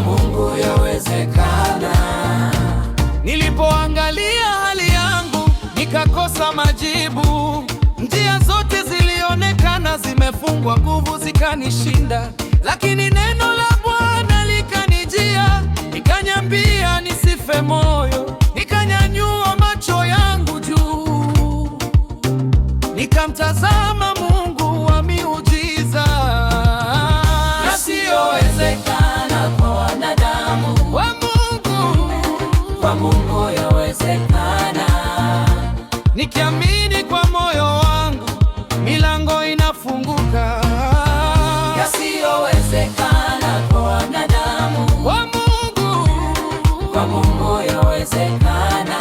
Mungu yawezekana. Nilipoangalia hali yangu nikakosa majibu, njia zote zilionekana zimefungwa, nguvu zikanishinda, lakini neno la Bwana likanijia, nikanyambia nisife moyo, nikanyanyua macho yangu juu, nikamtazama yawezekana kwa wanadamu, kwa Mungu, kwa Mungu yawezekana.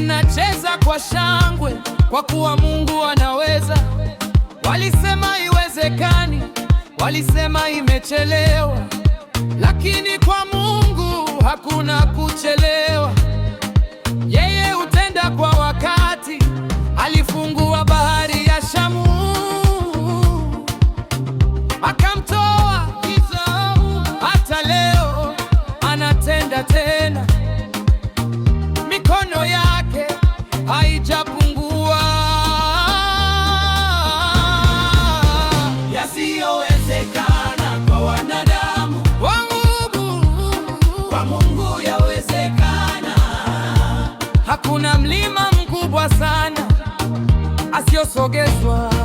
Nacheza kwa shangwe kwa kuwa Mungu anaweza. Walisema iwezekani, walisema imechelewa lakini kwa Mungu hakuna kuchelewa. kuna mlima mkubwa sana asiosogezwa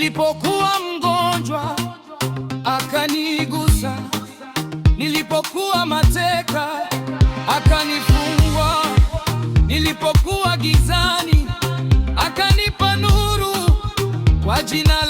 Nilipokuwa mgonjwa akanigusa, nilipokuwa mateka akanifungua, nilipokuwa gizani akanipa nuru kwa jina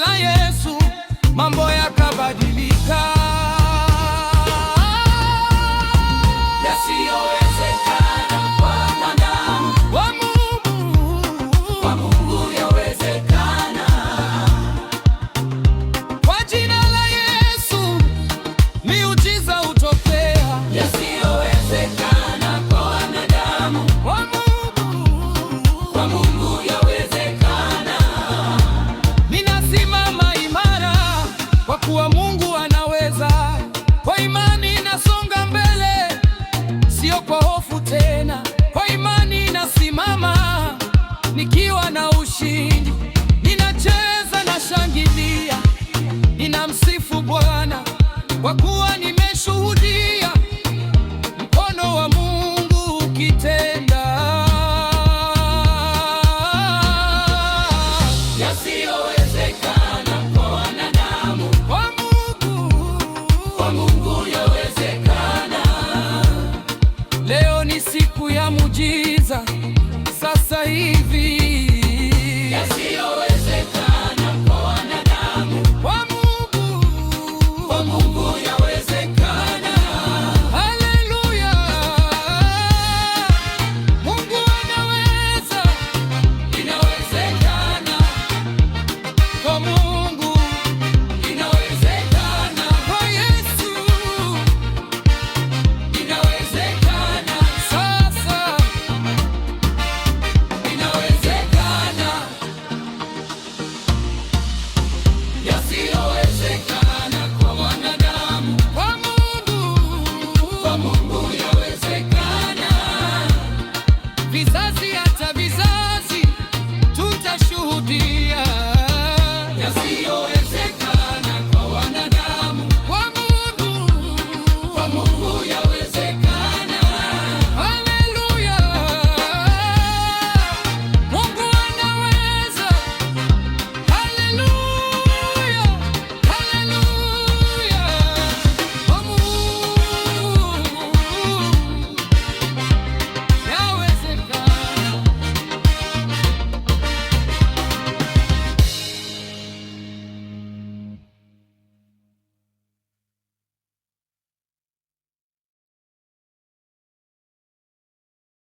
Get hata vizazi tutashuhudia yasiyo